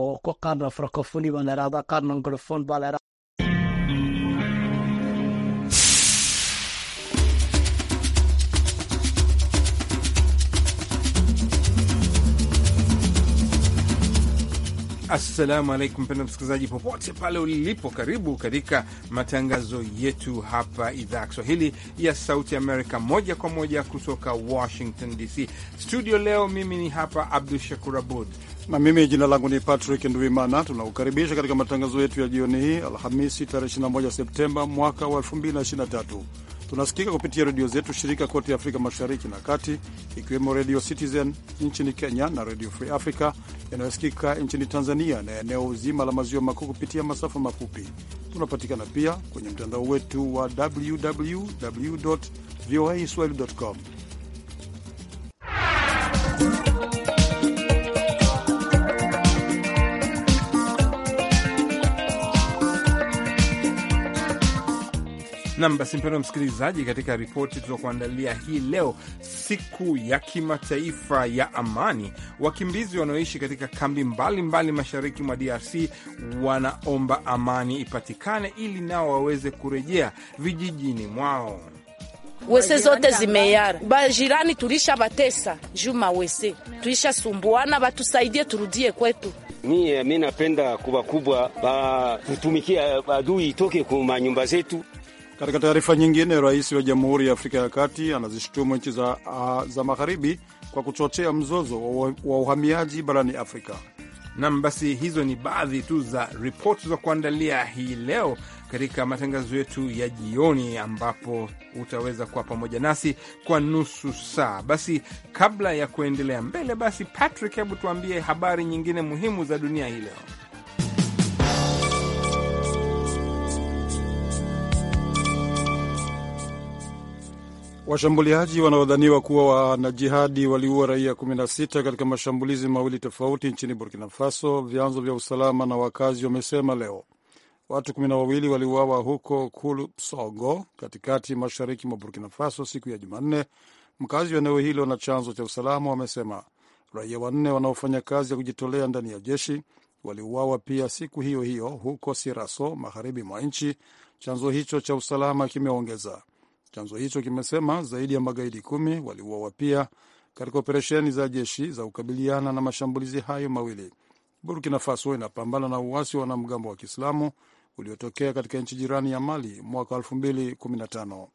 oo qaarna farkofooni baa la yidhahdaa qaarna garofon baa la yidhahdaa Assalamu alaikum, mpendwa msikilizaji, popote pale ulipo, karibu katika matangazo yetu hapa idhaa ya Kiswahili ya Sauti Amerika, moja kwa moja kutoka Washington DC studio. Leo mimi ni hapa Abdu Shakur Abud na mimi jina langu ni Patrick nduimana Tunakukaribisha katika matangazo yetu ya jioni hii, Alhamisi tarehe 21 Septemba mwaka wa 2023. Tunasikika kupitia redio zetu shirika kote Afrika Mashariki na Kati, ikiwemo Redio Citizen nchini Kenya na Redio Free Africa yanayosikika nchini Tanzania na eneo zima la maziwa makuu kupitia masafa mafupi. Tunapatikana pia kwenye mtandao wetu wa www voa swahili com Nam basi, mpendo msikilizaji, katika ripoti tulizokuandalia hii leo, siku ya kimataifa ya amani, wakimbizi wanaoishi katika kambi mbalimbali mbali mashariki mwa DRC wanaomba amani ipatikane ili nao waweze kurejea vijijini mwao. Wese zote zimeyara, bajirani tulisha batesa juma wese, tuisha sumbuana, batusaidie turudie kwetu. Mie mi napenda kuwakubwa kubwa batutumikia adui itoke kuma nyumba zetu katika taarifa nyingine, rais wa Jamhuri ya Afrika ya Kati anazishutumu nchi za, uh, za magharibi kwa kuchochea mzozo wa, wa uhamiaji barani Afrika. Nam, basi hizo ni baadhi tu za ripoti za kuandalia hii leo katika matangazo yetu ya jioni, ambapo utaweza kuwa pamoja nasi kwa nusu saa. Basi kabla ya kuendelea mbele, basi Patrick, hebu tuambie habari nyingine muhimu za dunia hii leo. Washambuliaji wanaodhaniwa kuwa wanajihadi waliua raia 16 katika mashambulizi mawili tofauti nchini Burkina Faso, vyanzo vya usalama na wakazi wamesema leo. Watu kumi na wawili waliuawa huko Kulpsogo, katikati mashariki mwa Burkina Faso siku ya Jumanne, mkazi wa eneo hilo na chanzo cha usalama wamesema. Raia wanne wanaofanya kazi ya kujitolea ndani ya jeshi waliuawa pia siku hiyo hiyo huko Siraso, magharibi mwa nchi, chanzo hicho cha usalama kimeongeza. Chanzo hicho kimesema zaidi ya magaidi kumi waliuawa pia katika operesheni za jeshi za kukabiliana na mashambulizi hayo mawili. Burkina Faso inapambana na uasi wa wanamgambo wa Kiislamu uliotokea katika nchi jirani ya Mali mwaka 2015.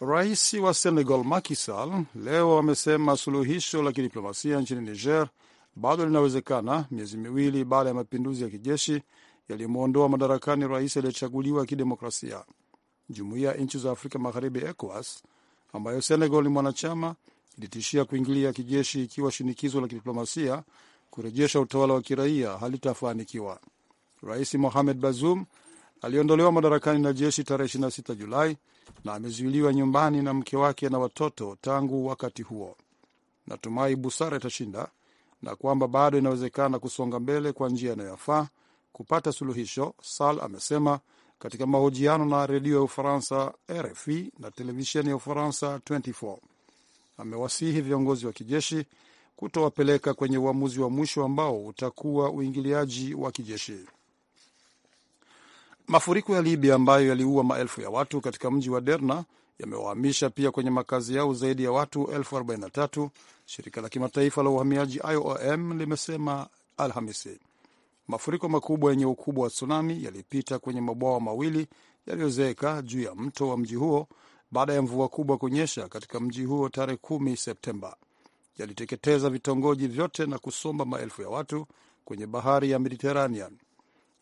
Rais wa Senegal Macky Sall leo amesema suluhisho la kidiplomasia nchini Niger bado linawezekana, miezi miwili baada ya mapinduzi ya kijeshi yaliyomwondoa madarakani rais aliyechaguliwa kidemokrasia. Jumuiya ya nchi za Afrika Magharibi, ECOWAS, ambayo Senegal ni mwanachama, ilitishia kuingilia kijeshi ikiwa shinikizo la kidiplomasia kurejesha utawala wa kiraia halitafanikiwa. Rais Mohamed Bazoum aliondolewa madarakani na jeshi tarehe 26 Julai na amezuiliwa nyumbani na mke wake na watoto tangu wakati huo. Natumai busara itashinda na kwamba bado inawezekana kusonga mbele kwa njia inayoyafaa kupata suluhisho, sal amesema katika mahojiano na redio ya Ufaransa RFI na televisheni ya Ufaransa 24. Amewasihi viongozi wa kijeshi kutowapeleka kwenye uamuzi wa mwisho ambao utakuwa uingiliaji wa kijeshi. Mafuriko ya Libya ambayo yaliua maelfu ya watu katika mji wa Derna yamewahamisha pia kwenye makazi yao zaidi ya watu 43, shirika la kimataifa la uhamiaji IOM limesema Alhamisi. Mafuriko makubwa yenye ukubwa wa tsunami yalipita kwenye mabwawa mawili yaliyozeeka juu ya mto wa mji huo baada ya mvua kubwa kunyesha katika mji huo tarehe 1 Septemba. Yaliteketeza vitongoji vyote na kusomba maelfu ya watu kwenye bahari ya mediteranean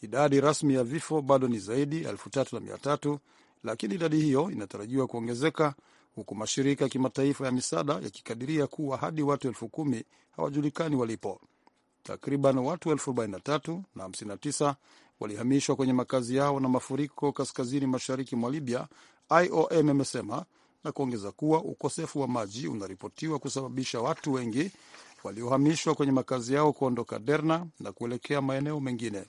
Idadi rasmi ya vifo bado ni zaidi ya elfu tatu na mia tatu, lakini idadi hiyo inatarajiwa kuongezeka huku mashirika ya kimataifa ya misaada yakikadiria kuwa hadi watu elfu kumi hawajulikani walipo. Takriban watu 43 na 59 walihamishwa kwenye makazi yao na mafuriko kaskazini mashariki mwa Libya, IOM imesema na kuongeza kuwa ukosefu wa maji unaripotiwa kusababisha watu wengi waliohamishwa kwenye makazi yao kuondoka Derna na kuelekea maeneo mengine.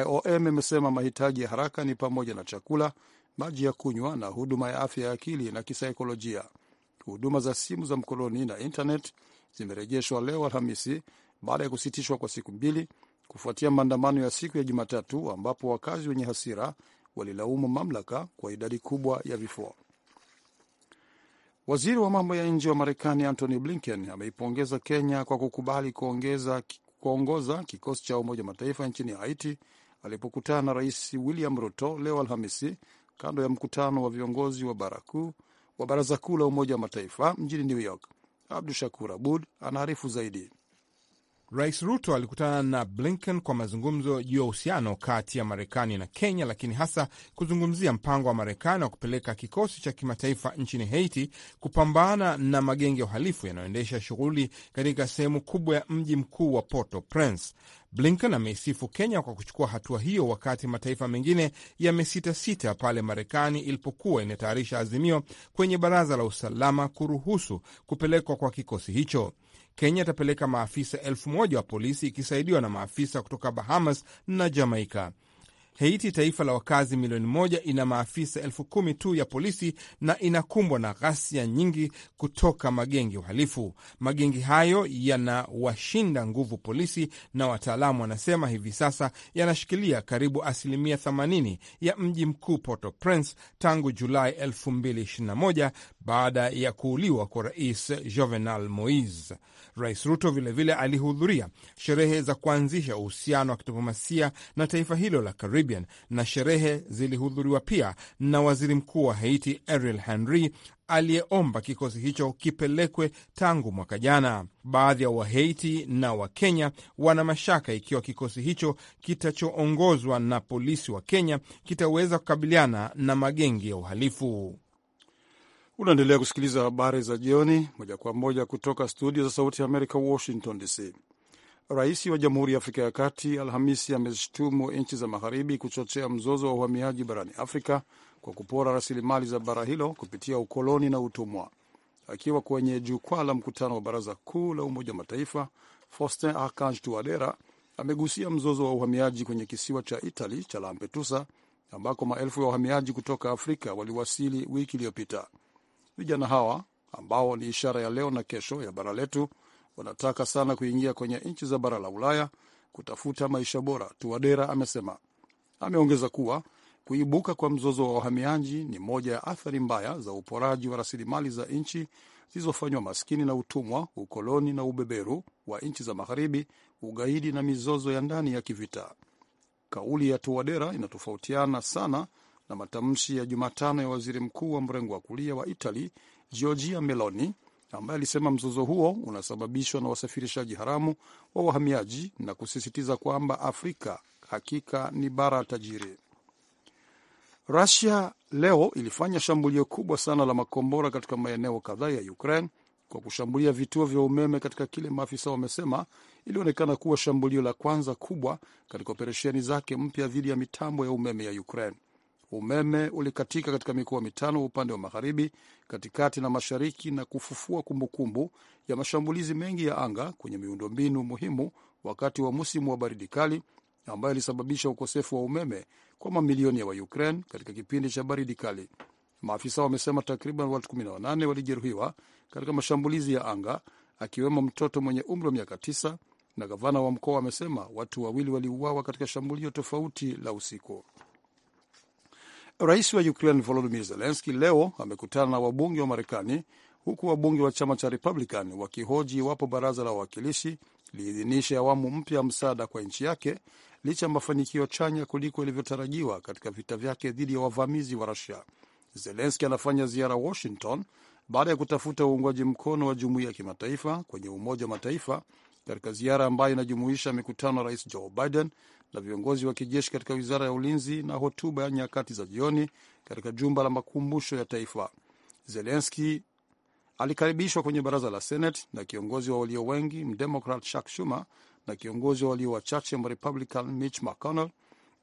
IOM imesema mahitaji ya haraka ni pamoja na chakula, maji ya kunywa na huduma ya afya ya akili na kisaikolojia. Huduma za simu za mkoloni na intanet zimerejeshwa leo Alhamisi baada ya kusitishwa kwa siku mbili kufuatia maandamano ya siku ya Jumatatu ambapo wakazi wenye hasira walilaumu mamlaka kwa idadi kubwa ya vifo. Waziri wa mambo ya nje wa Marekani Antony Blinken ameipongeza Kenya kwa kukubali kuongeza, kuongoza kikosi cha Umoja Mataifa nchini Haiti alipokutana na Rais William Ruto leo Alhamisi kando ya mkutano wa viongozi wa baraku, wa Baraza Kuu la Umoja wa Mataifa mjini New York. Abdu Shakur Abud anaarifu zaidi. Rais Ruto alikutana na Blinken kwa mazungumzo juu ya uhusiano kati ya Marekani na Kenya, lakini hasa kuzungumzia mpango wa Marekani wa kupeleka kikosi cha kimataifa nchini Haiti kupambana na magenge ya uhalifu yanayoendesha shughuli katika sehemu kubwa ya mji mkuu wa Port-au-Prince. Blinken ameisifu Kenya kwa kuchukua hatua hiyo, wakati mataifa mengine yamesitasita pale Marekani ilipokuwa inatayarisha azimio kwenye Baraza la Usalama kuruhusu kupelekwa kwa kikosi hicho. Kenya itapeleka maafisa elfu moja wa polisi ikisaidiwa na maafisa kutoka Bahamas na Jamaika. Haiti, taifa la wakazi milioni moja, ina maafisa elfu kumi tu ya polisi na inakumbwa na ghasia nyingi kutoka magengi uhalifu. Magengi hayo yanawashinda nguvu polisi, na wataalamu wanasema hivi sasa yanashikilia karibu asilimia 80 ya mji mkuu Port-au-Prince tangu Julai 2021 baada ya kuuliwa kwa rais Jovenal Moise. Rais Ruto vilevile alihudhuria sherehe za kuanzisha uhusiano wa kidiplomasia na taifa hilo la Caribbean, na sherehe zilihudhuriwa pia na waziri mkuu wa Haiti Ariel Henry aliyeomba kikosi hicho kipelekwe tangu mwaka jana. Baadhi ya Wahaiti na Wakenya wana mashaka ikiwa kikosi hicho kitachoongozwa na polisi wa Kenya kitaweza kukabiliana na magengi ya uhalifu. Unaendelea kusikiliza habari za jioni moja kwa moja kutoka studio za Sauti ya Amerika, Washington DC. Rais wa Jamhuri ya Afrika ya Kati Alhamisi amezishtumu nchi za Magharibi kuchochea mzozo wa uhamiaji barani Afrika kwa kupora rasilimali za bara hilo kupitia ukoloni na utumwa. Akiwa kwenye jukwaa la mkutano wa Baraza Kuu la Umoja wa Mataifa, Faustin Archange Touadera amegusia mzozo wa uhamiaji kwenye kisiwa cha Itali cha Lampedusa ambako maelfu ya wahamiaji kutoka Afrika waliwasili wiki iliyopita. Vijana hawa ambao ni ishara ya leo na kesho ya bara letu wanataka sana kuingia kwenye nchi za bara la Ulaya kutafuta maisha bora, Tuwadera amesema. Ameongeza kuwa kuibuka kwa mzozo wa wahamiaji ni moja ya athari mbaya za uporaji wa rasilimali za nchi zilizofanywa maskini na utumwa, ukoloni na ubeberu wa nchi za magharibi, ugaidi na mizozo ya ndani ya kivita. Kauli ya Tuwadera inatofautiana sana na matamshi ya Jumatano ya waziri mkuu wa mrengo wa kulia wa Itali Giorgia Meloni ambaye alisema mzozo huo unasababishwa na wasafirishaji haramu wa wahamiaji na kusisitiza kwamba Afrika hakika ni bara tajiri. Rusia leo ilifanya shambulio kubwa sana la makombora katika maeneo kadhaa ya Ukraine kwa kushambulia vituo vya umeme katika kile maafisa wamesema ilionekana kuwa shambulio la kwanza kubwa katika operesheni zake mpya dhidi ya mitambo ya umeme ya Ukraine. Umeme ulikatika katika mikoa mitano upande wa magharibi, katikati na mashariki, na kufufua kumbukumbu ya mashambulizi mengi ya anga kwenye miundombinu muhimu wakati wa musimu wa baridi kali ambayo ilisababisha ukosefu wa umeme kwa mamilioni ya Waukraine katika kipindi cha baridi kali. Maafisa wamesema takriban watu 18 walijeruhiwa katika mashambulizi ya anga, akiwemo mtoto mwenye umri wa miaka 9, na gavana wa mkoa amesema watu wawili waliuawa katika shambulio tofauti la usiku. Rais wa Ukraine Volodymyr Zelensky leo amekutana na wabunge wa Marekani, huku wabunge wa chama cha Republican wakihoji iwapo baraza la wawakilishi liidhinishe awamu mpya ya msaada kwa nchi yake licha ya mafanikio chanya kuliko ilivyotarajiwa katika vita vyake dhidi ya wavamizi wa Rusia. Zelenski anafanya ziara Washington baada ya kutafuta uungwaji mkono wa jumuiya ya kimataifa kwenye Umoja wa Mataifa, katika ziara ambayo inajumuisha mikutano ya rais Joe Biden la viongozi wa kijeshi katika wizara ya ulinzi na hotuba ya nyakati za jioni katika jumba la makumbusho ya taifa. Zelenski alikaribishwa kwenye baraza la Senate na kiongozi wa walio wengi Mdemokrat Chuck Schumer na kiongozi wa walio wachache Mrepublican Mitch McConnell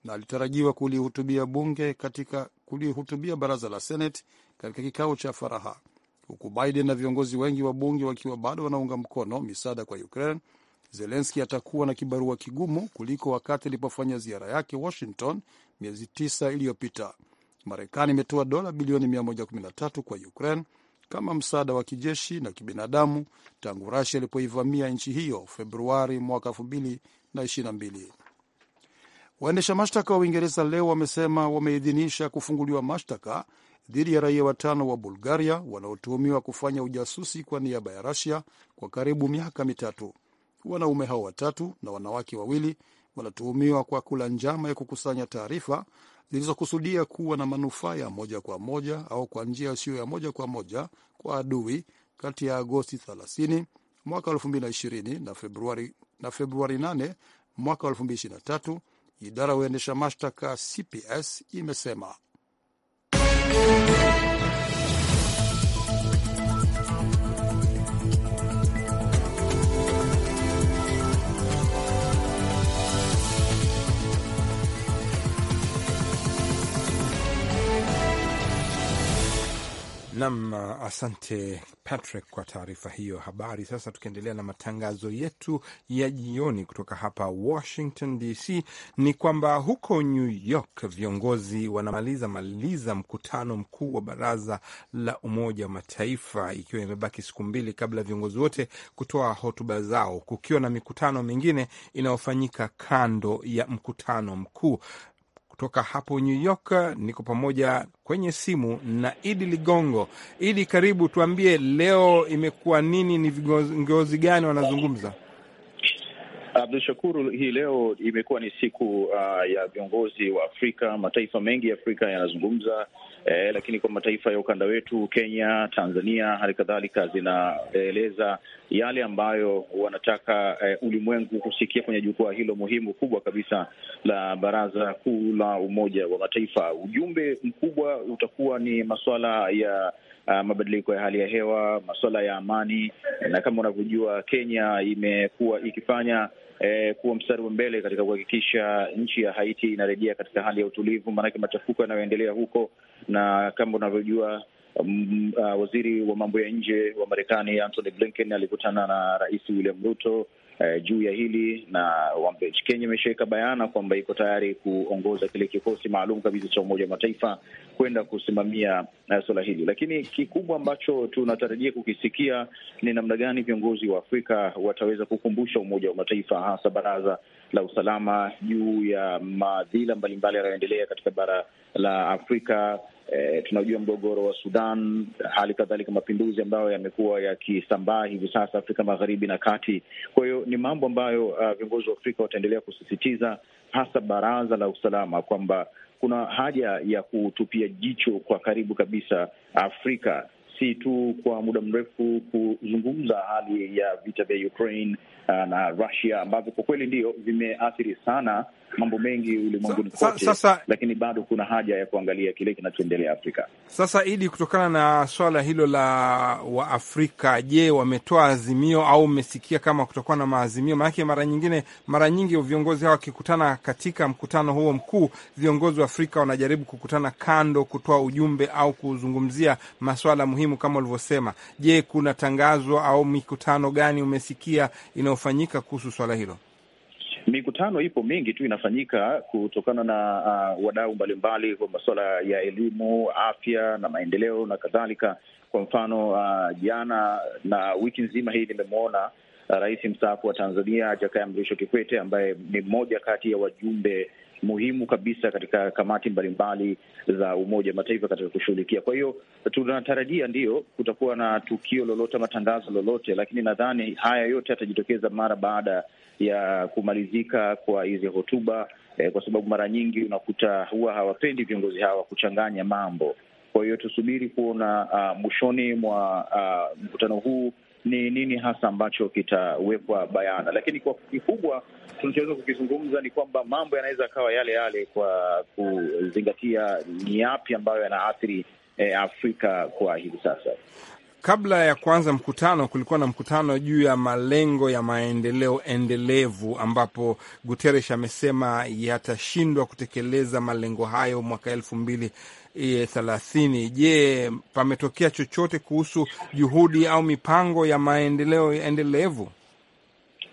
na alitarajiwa kulihutubia bunge katika kulihutubia baraza la Senate katika kikao cha faraha, huku Biden na viongozi wengi wa bunge wakiwa bado wanaunga mkono misaada kwa Ukraine Zelenski atakuwa na kibarua kigumu kuliko wakati alipofanya ziara yake Washington miezi tisa iliyopita. Marekani imetoa dola bilioni 113 kwa Ukraine kama msaada wa kijeshi na kibinadamu tangu Rusia ilipoivamia nchi hiyo Februari mwaka 2022. Waendesha mashtaka wa Uingereza leo wamesema wameidhinisha kufunguliwa mashtaka dhidi ya raia watano wa Bulgaria wanaotuhumiwa kufanya ujasusi kwa niaba ya Rusia kwa karibu miaka mitatu. Wanaume hao watatu na wanawake wawili wanatuhumiwa kwa kula njama ya kukusanya taarifa zilizokusudia kuwa na manufaa ya moja kwa moja au kwa njia isiyo ya moja kwa moja kwa adui kati ya Agosti 30 mwaka 2020 na Februari, na Februari 8 mwaka 2023, idara ya uendesha mashtaka CPS imesema. Nam, uh, asante Patrick kwa taarifa hiyo habari. Sasa tukiendelea na matangazo yetu ya jioni kutoka hapa Washington DC, ni kwamba huko New York viongozi wanamaliza maliza mkutano mkuu wa baraza la Umoja wa Mataifa, ikiwa imebaki siku mbili kabla ya viongozi wote kutoa hotuba zao, kukiwa na mikutano mingine inayofanyika kando ya mkutano mkuu. Kutoka hapo New York niko pamoja kwenye simu na Idi Ligongo. Idi, karibu, tuambie leo imekuwa nini? Ni viongozi gani wanazungumza? abdu Shakuru, hii leo imekuwa ni siku uh, ya viongozi wa Afrika. Mataifa mengi ya Afrika yanazungumza eh, lakini kwa mataifa ya ukanda wetu Kenya, Tanzania hali kadhalika zinaeleza yale ambayo wanataka eh, ulimwengu kusikia kwenye jukwaa hilo muhimu kubwa kabisa la Baraza Kuu la Umoja wa Mataifa. Ujumbe mkubwa utakuwa ni masuala ya Uh, mabadiliko ya hali ya hewa, masuala ya amani, na kama unavyojua Kenya imekuwa ikifanya eh, kuwa mstari wa mbele katika kuhakikisha nchi ya Haiti inarejea katika hali ya utulivu, maanake machafuko yanayoendelea huko na kama unavyojua Um, uh, waziri wa mambo ya nje wa Marekani Antony Blinken alikutana na Rais William Ruto eh, juu ya hili na Kenya imeshaweka bayana kwamba iko tayari kuongoza kile kikosi maalum kabisa cha Umoja wa Mataifa kwenda kusimamia eh, suala hili, lakini kikubwa ambacho tunatarajia kukisikia ni namna gani viongozi wa Afrika wataweza kukumbusha Umoja wa Mataifa hasa Baraza la usalama juu ya madhila mbalimbali yanayoendelea katika bara la Afrika. E, tunajua mgogoro wa Sudan, hali kadhalika mapinduzi ambayo yamekuwa yakisambaa hivi sasa Afrika magharibi na kati. Kwa hiyo ni mambo ambayo uh, viongozi wa Afrika wataendelea kusisitiza, hasa baraza la usalama kwamba kuna haja ya kutupia jicho kwa karibu kabisa Afrika si tu kwa muda mrefu kuzungumza hali ya vita vya Ukraine uh, na Russia ambavyo kwa kweli ndio vimeathiri sana mambo mengi ulimwenguni kote, lakini bado kuna haja ya kuangalia kile kinachoendelea Afrika. Sasa Idi, kutokana na swala hilo la Waafrika, je, wametoa azimio au mmesikia kama kutokuwa na maazimio? Maanake mara nyingine, mara nyingi viongozi hawa wakikutana katika mkutano huo mkuu, viongozi wa Afrika wanajaribu kukutana kando, kutoa ujumbe au kuzungumzia maswala muhimu kama ulivyosema. Je, kuna tangazo au mikutano gani umesikia inayofanyika kuhusu swala hilo? Mikutano ipo mingi tu inafanyika kutokana na uh, wadau mbalimbali kwa masuala ya elimu, afya na maendeleo na kadhalika. Kwa mfano uh, jana na wiki nzima hii nimemwona uh, rais mstaafu wa Tanzania Jakaya Mrisho Kikwete ambaye ni mmoja kati ya wajumbe muhimu kabisa katika kamati mbalimbali za Umoja wa Mataifa katika kushughulikia. Kwa hiyo tunatarajia ndiyo kutakuwa na tukio lolote, tangazo lolote, lakini nadhani haya yote yatajitokeza mara baada ya kumalizika kwa hizi hotuba eh, kwa sababu mara nyingi unakuta huwa hawapendi viongozi hawa kuchanganya mambo. Kwa hiyo tusubiri kuona uh, mwishoni mwa uh, mkutano huu ni nini hasa ambacho kitawekwa bayana, lakini kwa kikubwa tunachoweza kukizungumza ni kwamba mambo yanaweza akawa yale yale kwa kuzingatia ni yapi ambayo yanaathiri eh, Afrika kwa hivi sasa. Kabla ya kuanza mkutano, kulikuwa na mkutano juu ya malengo ya maendeleo endelevu, ambapo Guterres amesema yatashindwa kutekeleza malengo hayo mwaka elfu mbili e, thelathini. Je, pametokea chochote kuhusu juhudi au mipango ya maendeleo endelevu?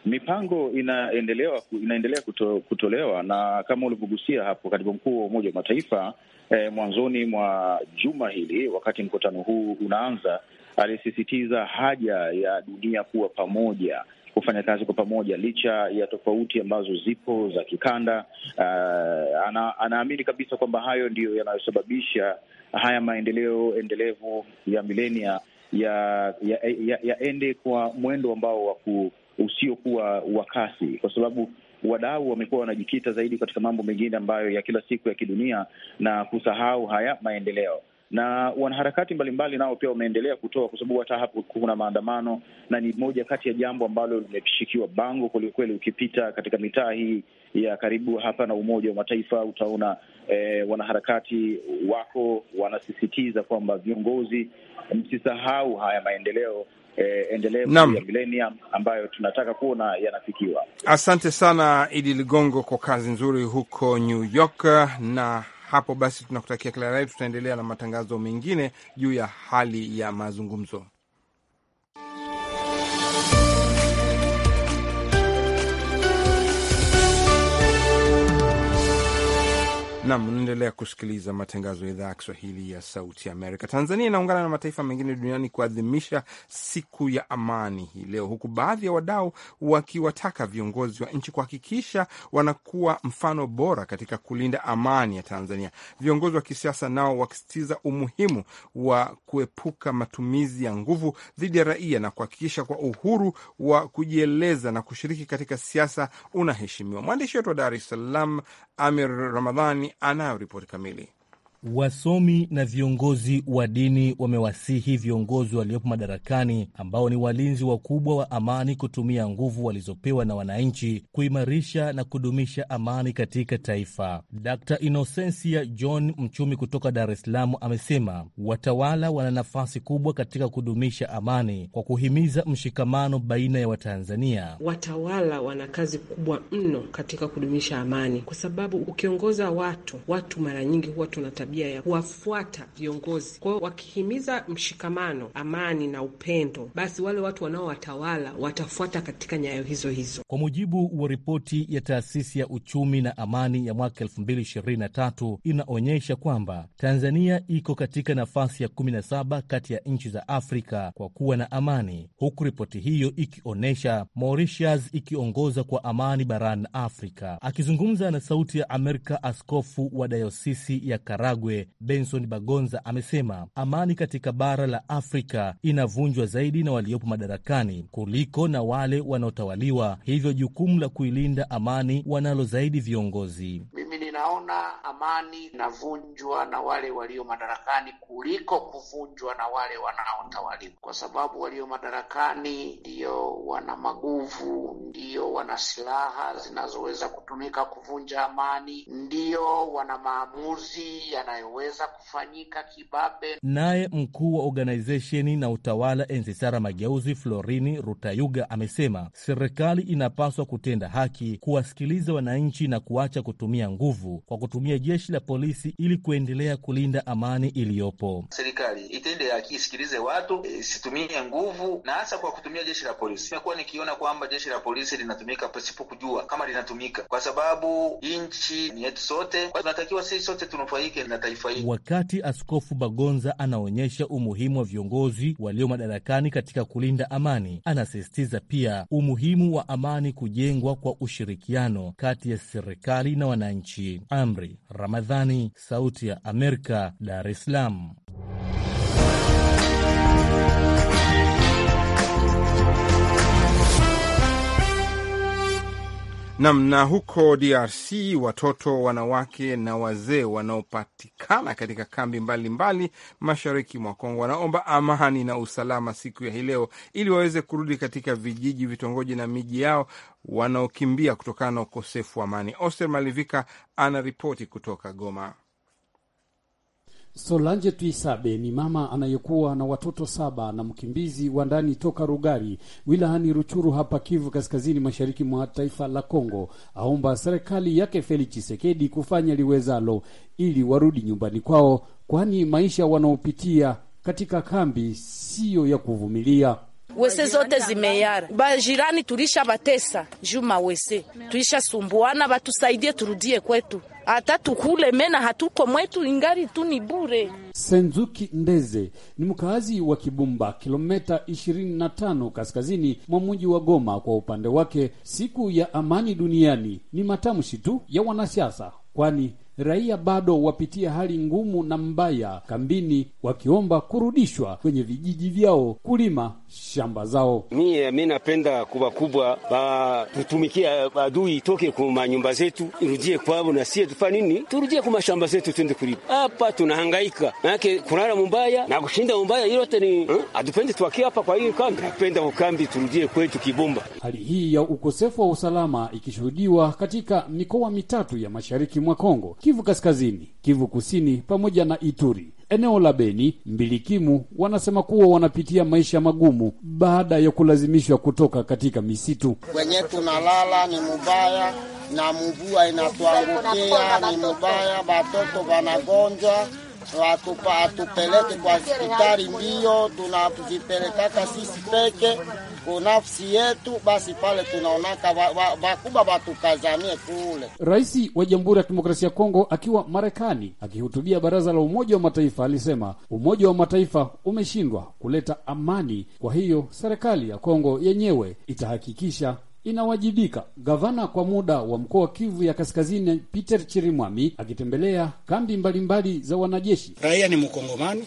Mipango inaendelea kuto, kutolewa na kama ulivyogusia hapo, katibu mkuu wa Umoja wa Mataifa eh, mwanzoni mwa juma hili wakati mkutano huu unaanza alisisitiza haja ya dunia kuwa pamoja kufanya kazi kwa pamoja licha ya tofauti ambazo zipo za kikanda. Uh, ana, anaamini kabisa kwamba hayo ndiyo yanayosababisha haya maendeleo endelevu ya milenia yaende ya, ya, ya kwa mwendo ambao wa usiokuwa wa kasi, kwa sababu wadau wamekuwa wanajikita zaidi katika mambo mengine ambayo ya kila siku ya kidunia na kusahau haya maendeleo na wanaharakati mbalimbali nao pia wameendelea kutoa, kwa sababu hata hapo kuna maandamano, na ni moja kati ya jambo ambalo limeshikiwa bango kwelikweli. Ukipita katika mitaa hii ya karibu hapa na Umoja wa Mataifa utaona eh, wanaharakati wako wanasisitiza kwamba viongozi, msisahau haya maendeleo eh, endelevu ya milenium ambayo tunataka kuona yanafikiwa. Asante sana Idi Ligongo kwa kazi nzuri huko New York na hapo basi tunakutakia kila rai Tutaendelea na matangazo mengine juu ya hali ya mazungumzo. Nam, unaendelea kusikiliza matangazo ya idhaa ya Kiswahili ya Sauti Amerika. Tanzania inaungana na mataifa mengine duniani kuadhimisha siku ya amani hii leo, huku baadhi ya wadau wakiwataka viongozi wa nchi kuhakikisha wanakuwa mfano bora katika kulinda amani ya Tanzania. Viongozi wa kisiasa nao wakisitiza umuhimu wa kuepuka matumizi ya nguvu dhidi ya raia na kuhakikisha kwa uhuru wa kujieleza na kushiriki katika siasa unaheshimiwa. Mwandishi wetu wa Dar es Salaam Amir Ramadhani anayo ripoti kamili. Wasomi na viongozi wa dini wamewasihi viongozi waliopo madarakani ambao ni walinzi wakubwa wa amani kutumia nguvu walizopewa na wananchi kuimarisha na kudumisha amani katika taifa. Dr. Inosensia John, mchumi kutoka Dar es Salaam, amesema watawala wana nafasi kubwa katika kudumisha amani kwa kuhimiza mshikamano baina ya Watanzania. Watawala wana kazi kubwa mno katika kudumisha amani, kwa sababu ukiongoza watu, watu mara nyingi huwa tunata tabia ya kuwafuata viongozi. kwao wakihimiza mshikamano, amani na upendo, basi wale watu wanaowatawala watafuata katika nyayo hizo hizo. Kwa mujibu wa ripoti ya taasisi ya uchumi na amani ya mwaka 2023 inaonyesha kwamba Tanzania iko katika nafasi ya 17 kati ya nchi za Afrika kwa kuwa na amani, huku ripoti hiyo ikionyesha Mauritius ikiongoza kwa amani barani Afrika. Akizungumza na Sauti ya Amerika, askofu wa dayosisi ya Karagu Zimbabwe Benson Bagonza amesema amani katika bara la Afrika inavunjwa zaidi na waliopo madarakani kuliko na wale wanaotawaliwa, hivyo jukumu la kuilinda amani wanalo zaidi viongozi. Mimi ninaona amani inavunjwa na wale walio madarakani kuliko kuvunjwa na wale wanaotawaliwa, kwa sababu walio madarakani ndio wana maguvu, ndio wana silaha zinazoweza kutumika kuvunja amani, ndio wana maamuzi yanayoweza kufanyika kibabe. Naye mkuu wa organizesheni na utawala Enzisara Mageuzi, Florini Rutayuga, amesema serikali inapaswa kutenda haki, kuwasikiliza wananchi na kuacha kutumia nguvu kwa kutumia jeshi la polisi ili kuendelea kulinda amani iliyopo. Serikali itende haki, isikilize watu, isitumie nguvu, na hasa kwa kutumia jeshi la polisi. Imekuwa nikiona kwamba jeshi la polisi linatumika pasipo kujua kama linatumika, kwa sababu nchi ni yetu sote, tunatakiwa sisi sote tunufaike na taifa hili. Wakati Askofu Bagonza anaonyesha umuhimu wa viongozi walio madarakani katika kulinda amani, anasisitiza pia umuhimu wa amani kujengwa kwa ushirikiano kati ya serikali na wananchi. Amri Ramadhani, Sauti ya Amerika, Dar es Salaam. Nam na huko DRC watoto, wanawake na wazee wanaopatikana katika kambi mbalimbali mbali, mashariki mwa Kongo wanaomba amani na usalama siku ya hii leo ili waweze kurudi katika vijiji, vitongoji na miji yao wanaokimbia kutokana na ukosefu wa amani. Oster Malivika anaripoti kutoka Goma. Solange Twisabe ni mama anayekuwa na watoto saba na mkimbizi wa ndani toka Rugari wilayani Ruchuru hapa Kivu Kaskazini, mashariki mwa taifa la Kongo. Aomba serikali yake Felix Tshisekedi kufanya liwezalo ili warudi nyumbani kwao, kwani maisha wanaopitia katika kambi siyo ya kuvumilia wese zote zimeyara, bajirani tulisha batesa juma wese, tuisha sumbuana, batusaidie turudie kwetu, hata tukule mena hatuko mwetu, ingari tu ni bure. Senzuki Ndeze ni mkazi wa Kibumba, kilomita 25 kaskazini mwa mji wa Goma. Kwa upande wake, siku ya amani duniani ni matamshi tu ya wanasiasa, kwani raia bado wapitia hali ngumu na mbaya kambini, wakiomba kurudishwa kwenye vijiji vyao kulima shamba zao. Mie mi napenda kuba kubwa tutumikia eh, adui itoke ku manyumba zetu irudie kwao na sie tufa nini turudie ku mashamba zetu twende kulipa. Hapa tunahangaika manake kulala mumbaya na kushinda mumbaya yote ni hmm? Eh, Atupende twakia hapa kwa hiyo kambi, napenda kukambi turudie kwetu Kibumba. Hali hii ya ukosefu wa usalama ikishuhudiwa katika mikoa mitatu ya mashariki mwa Kongo, Kivu Kaskazini, Kivu Kusini pamoja na Ituri eneo la Beni, mbilikimu wanasema kuwa wanapitia maisha magumu baada ya kulazimishwa kutoka katika misitu. kwenye tunalala ni mubaya na mvua inatuangukia ni mubaya, batoto wanagonjwa watupeleke kwa hospitali mbio, tunazipelekaka sisi peke kunafsi yetu, basi pale tunaonaka vakubwa wa, kule. Rais wa Jamhuri ya Kidemokrasia ya Kongo akiwa Marekani akihutubia Baraza la Umoja wa Mataifa alisema Umoja wa Mataifa umeshindwa kuleta amani, kwa hiyo serikali ya Kongo yenyewe itahakikisha inawajibika. Gavana kwa muda wa mkoa wa Kivu ya Kaskazini, Peter Chirimwami, akitembelea kambi mbalimbali mbali za wanajeshi. Raia ni Mkongomani,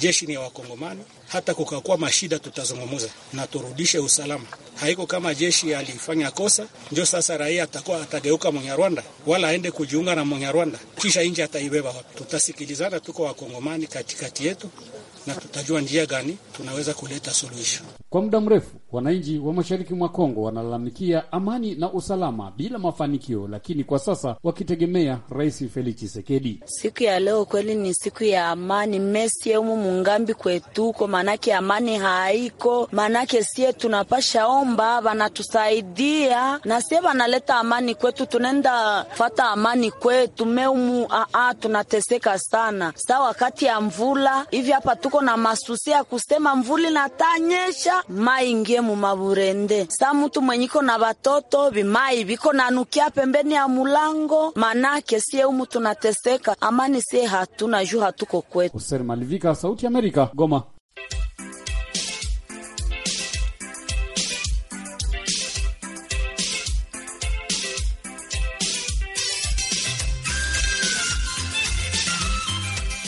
jeshi ni ya Wakongomani hata kukakuwa mashida, tutazungumuza na turudishe usalama. Haiko kama jeshi alifanya kosa njo sasa raia atakuwa atageuka mwenyarwanda wala aende kujiunga na mwenyarwanda kisha nji ataibeba wapi? Tutasikilizana, tuko wakongomani katikati yetu na tutajua njia gani tunaweza kuleta suluhisho. Kwa muda mrefu wananchi wa mashariki mwa Kongo wanalalamikia amani na usalama bila mafanikio, lakini kwa sasa wakitegemea Rais Felix Tshisekedi. Siku ya leo kweli ni siku ya amani, mesi umu mungambi kwetu kwa manake amani haiko, manake sie tunapasha omba wanatusaidia na sie wanaleta amani kwetu, tunaenda fata amani kwetu meumu. Aa, tunateseka sana sa wakati ya mvula hivi hapa, tuko na masusi ya kusema mvula natanyesha maingie mumaburende sa mutu mwenyiko na batoto vimai viko nanukia pembeni ya mulango, manake sie umu tunateseka amani, sie hatuna juu hatuko kwetu. Sauti ya Amerika, Goma.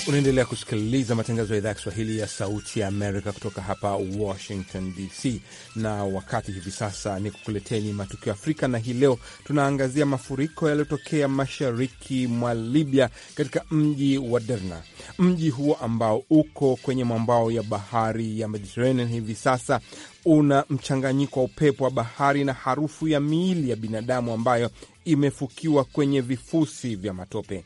Unaendelea kusikiliza matangazo ya idhaa ya Kiswahili ya Sauti ya Amerika kutoka hapa Washington DC, na wakati hivi sasa ni kukuleteni matukio Afrika, na hii leo tunaangazia mafuriko yaliyotokea mashariki mwa Libya katika mji wa Derna, mji huo ambao uko kwenye mwambao ya bahari ya Mediterranean. Hivi sasa una mchanganyiko wa upepo wa bahari na harufu ya miili ya binadamu ambayo imefukiwa kwenye vifusi vya matope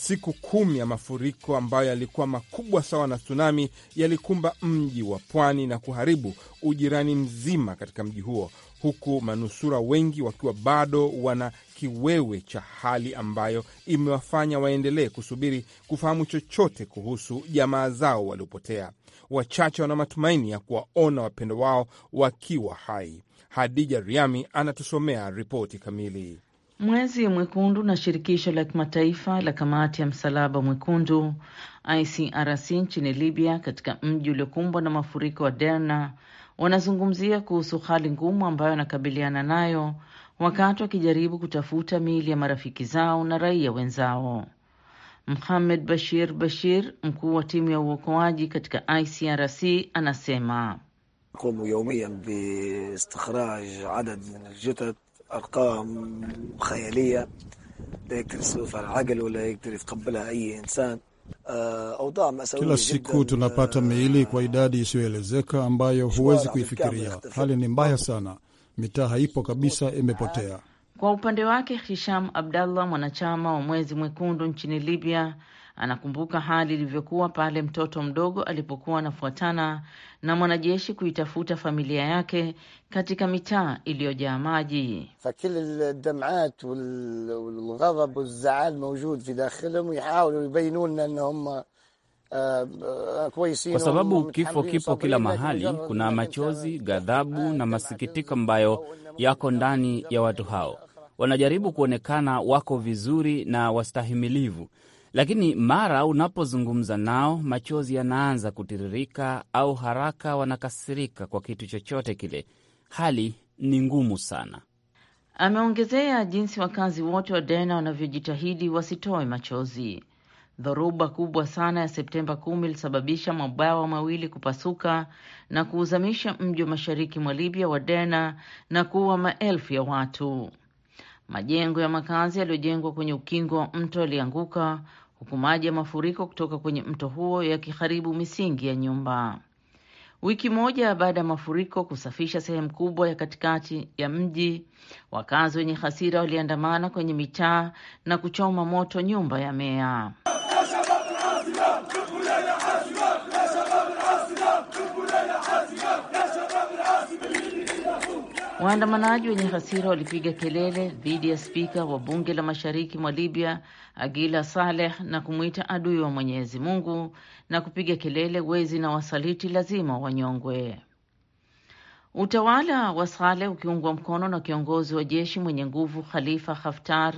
siku kumi ya mafuriko ambayo yalikuwa makubwa sawa na tsunami yalikumba mji wa pwani na kuharibu ujirani mzima katika mji huo, huku manusura wengi wakiwa bado wana kiwewe cha hali ambayo imewafanya waendelee kusubiri kufahamu chochote kuhusu jamaa zao waliopotea. Wachache wana matumaini ya kuwaona wapendo wao wakiwa hai. Hadija Riami anatusomea ripoti kamili. Mwezi Mwekundu na shirikisho la kimataifa la kamati ya msalaba mwekundu ICRC nchini Libya, katika mji uliokumbwa na mafuriko wa Derna, wanazungumzia kuhusu hali ngumu ambayo wanakabiliana nayo wakati wakijaribu kutafuta miili ya marafiki zao na raia wenzao. Mohamed Bashir Bashir, mkuu wa timu ya uokoaji katika ICRC, anasema ارقام خياليه لا يقدر يصرف العقل ولا يقدر يتقبلها أي إنسان. Kila siku tunapata miili kwa idadi isiyoelezeka ambayo huwezi kuifikiria. Hali ni mbaya sana, mitaa haipo kabisa, imepotea. Kwa upande wake Hisham Abdallah, mwanachama wa Mwezi Mwekundu nchini Libya, anakumbuka hali ilivyokuwa pale mtoto mdogo alipokuwa anafuatana na mwanajeshi kuitafuta familia yake katika mitaa iliyojaa maji. Uh, uh, kwa sababu kifo kipo kila mahali. Kuna machozi, ghadhabu na masikitiko ambayo yako ndani ya watu hao. Wanajaribu kuonekana wako vizuri na wastahimilivu, lakini mara unapozungumza nao machozi yanaanza kutiririka, au haraka wanakasirika kwa kitu chochote kile. Hali ni ngumu sana. Ameongezea jinsi wakazi wote wa Dena wanavyojitahidi wasitoe machozi. Dhoruba kubwa sana ya Septemba kumi ilisababisha mabwawa mawili kupasuka na kuuzamisha mji wa mashariki mwa Libya wa Dena na kuua maelfu ya watu. Majengo ya makazi yaliyojengwa kwenye ukingo wa mto yalianguka huku maji ya mafuriko kutoka kwenye mto huo yakiharibu misingi ya nyumba. Wiki moja baada ya mafuriko kusafisha sehemu kubwa ya katikati ya mji, wakazi wenye hasira waliandamana kwenye mitaa na kuchoma moto nyumba ya meya. Waandamanaji wenye hasira walipiga kelele dhidi ya spika wa bunge la mashariki mwa Libya Agila Saleh na kumwita adui wa Mwenyezi Mungu na kupiga kelele, wezi na wasaliti lazima wanyongwe. Utawala wa Saleh ukiungwa mkono na kiongozi wa jeshi mwenye nguvu Khalifa Haftar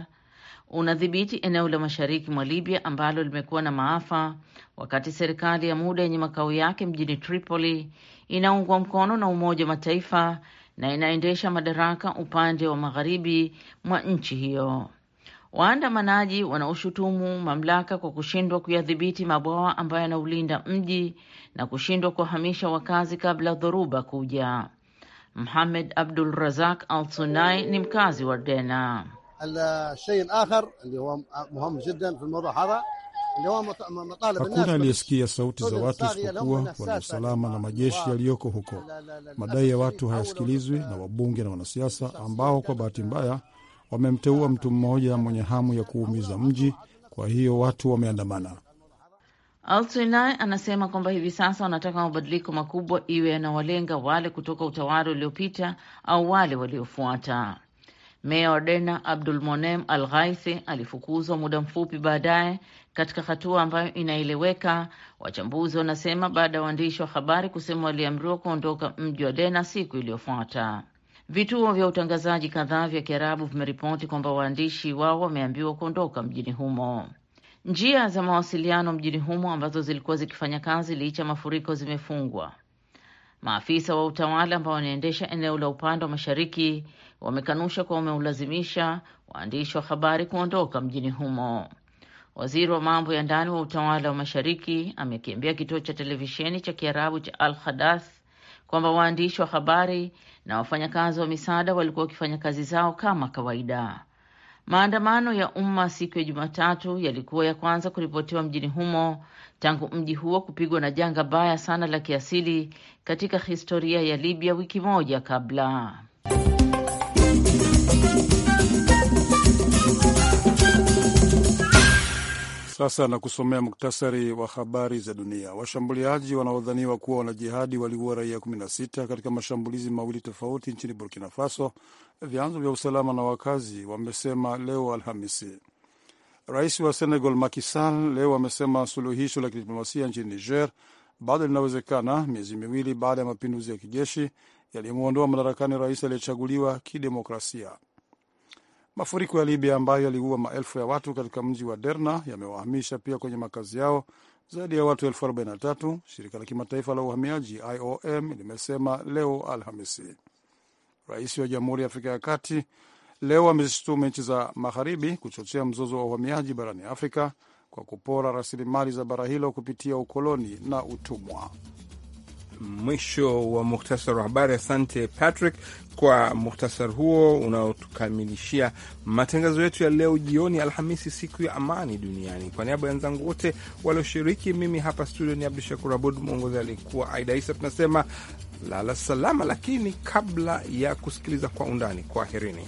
unadhibiti eneo la mashariki mwa Libya ambalo limekuwa na maafa, wakati serikali ya muda yenye makao yake mjini Tripoli inaungwa mkono na Umoja wa Mataifa na inaendesha madaraka upande wa magharibi mwa nchi hiyo. Waandamanaji wanaoshutumu mamlaka kwa kushindwa kuyadhibiti mabwawa ambayo yanaulinda mji na kushindwa kuwahamisha wakazi kabla dhoruba kuja. Muhamed Abdul Razak Al Sunai ni mkazi wa Dena. Hakuna aliyesikia sauti za watu isipokuwa usalama na majeshi yaliyoko huko. Madai ya watu hayasikilizwi na wabunge na wanasiasa ambao kwa bahati mbaya wamemteua mtu mmoja mwenye hamu ya kuumiza mji. Kwa hiyo watu wameandamana. Altinai anasema kwamba hivi sasa wanataka mabadiliko makubwa, iwe yanawalenga wale kutoka utawala uliopita au wale waliofuata. Meya wa Derna Abdul Monem Al Ghaithi alifukuzwa muda mfupi baadaye katika hatua ambayo inaeleweka. Wachambuzi wanasema baada ya waandishi wa habari kusema waliamriwa kuondoka mji wa Dena siku iliyofuata. Vituo vya utangazaji kadhaa vya Kiarabu vimeripoti kwamba waandishi wao wameambiwa kuondoka mjini humo. Njia za mawasiliano mjini humo ambazo zilikuwa zikifanya kazi licha mafuriko zimefungwa. Maafisa wa utawala ambao wanaendesha eneo la upande wa mashariki wamekanusha kuwa wameulazimisha waandishi wa habari kuondoka mjini humo. Waziri wa mambo ya ndani wa utawala wa mashariki amekiambia kituo cha televisheni cha Kiarabu cha Al Hadath kwamba waandishi wa habari na wafanyakazi wa misaada walikuwa wakifanya kazi zao kama kawaida. Maandamano ya umma siku ya Jumatatu yalikuwa ya kwanza kuripotiwa mjini humo tangu mji huo kupigwa na janga baya sana la kiasili katika historia ya Libya wiki moja kabla. Sasa na kusomea muktasari wa habari za dunia. Washambuliaji wanaodhaniwa kuwa wanajihadi waliua raia 16 katika mashambulizi mawili tofauti nchini Burkina Faso, vyanzo vya usalama na wakazi wamesema leo Alhamisi. Rais wa Senegal makisal leo amesema suluhisho la kidiplomasia nchini Niger bado linawezekana, miezi miwili baada ya mapinduzi ya kijeshi yaliyomwondoa madarakani rais aliyechaguliwa kidemokrasia. Mafuriko ya Libya ambayo yaliua maelfu ya watu katika mji wa Derna yamewahamisha pia kwenye makazi yao zaidi ya watu elfu 43, shirika la kimataifa la uhamiaji IOM limesema leo Alhamisi. Rais wa Jamhuri ya Afrika ya Kati leo amezishutumu nchi za magharibi kuchochea mzozo wa uhamiaji barani Afrika kwa kupora rasilimali za bara hilo kupitia ukoloni na utumwa mwisho wa muhtasari wa habari. Asante Patrick kwa muhtasari huo unaotukamilishia matangazo yetu ya leo jioni, Alhamisi, siku ya amani duniani. Kwa niaba ya wenzangu wote walioshiriki, mimi hapa studio ni Abdu Shakur Abud, mwongozi aliyekuwa Aida Isa. Tunasema lala salama, lakini kabla ya kusikiliza kwa undani, kwaherini.